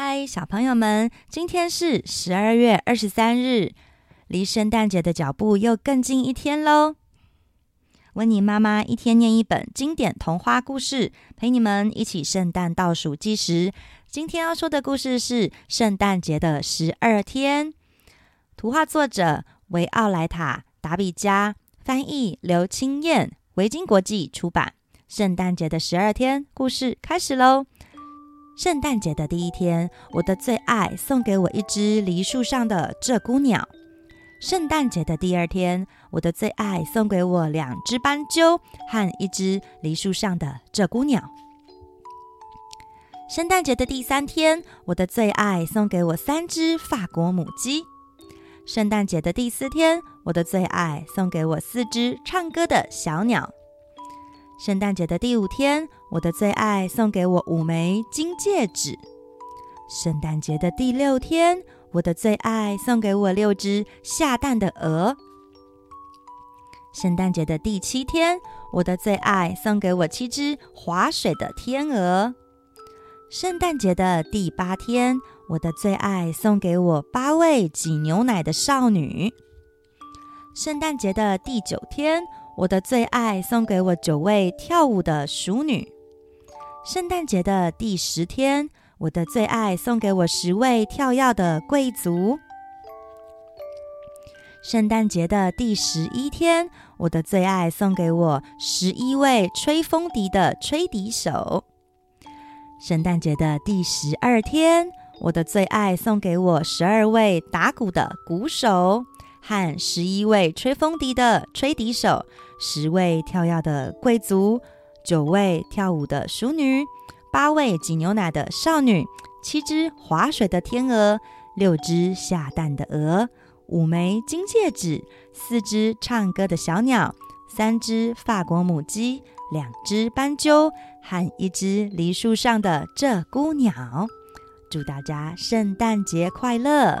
嗨，Hi, 小朋友們，今天是十二月二十三日，離聖誕節的腳步又更近一天嘍。溫妮媽媽一天念一本經典童話故事，陪你們一起聖誕倒數計時。今天要說的故事是《聖誕節的十二天》，圖畫作者維奧萊塔·達比加，翻譯劉清彥，維京國際出版。《聖誕節的十二天》故事開始嘍。聖誕節的第一天，我的最愛送給我一隻梨樹上的鷓鴣鳥。聖誕節的第二天，我的最愛送給我兩隻斑鳩和一隻梨樹上的鷓鴣鳥。聖誕節的第三天，我的最愛送給我三隻法國母雞。聖誕節的第四天，我的最愛送給我四隻唱歌的小鳥。聖誕節的第五天，我的最愛送給我五枚金戒指。聖誕節的第六天，我的最愛送給我六隻下蛋的鵝。聖誕節的第七天，我的最愛送給我七隻划水的天鵝。聖誕節的第八天，我的最愛送給我八位擠牛奶的少女。聖誕節的第九天，我的最愛送給我九位跳舞的淑女。聖誕節的第十天，我的最愛送給我十位跳躍的貴族。聖誕節的第十一天，我的最愛送給我十一位吹風笛的吹笛手。聖誕節的第十二天，我的最愛送給我十二位打鼓的鼓手。和十一位吹風笛的吹笛手，十位跳躍的貴族，九位跳舞的淑女，八位擠牛奶的少女，七隻划水的天鵝，六隻下蛋的鵝，五枚金戒指，四隻唱歌的小鳥，三隻法國母雞，兩隻斑鳩和一隻梨樹上的鷓鴣鳥。祝大家聖誕節快樂！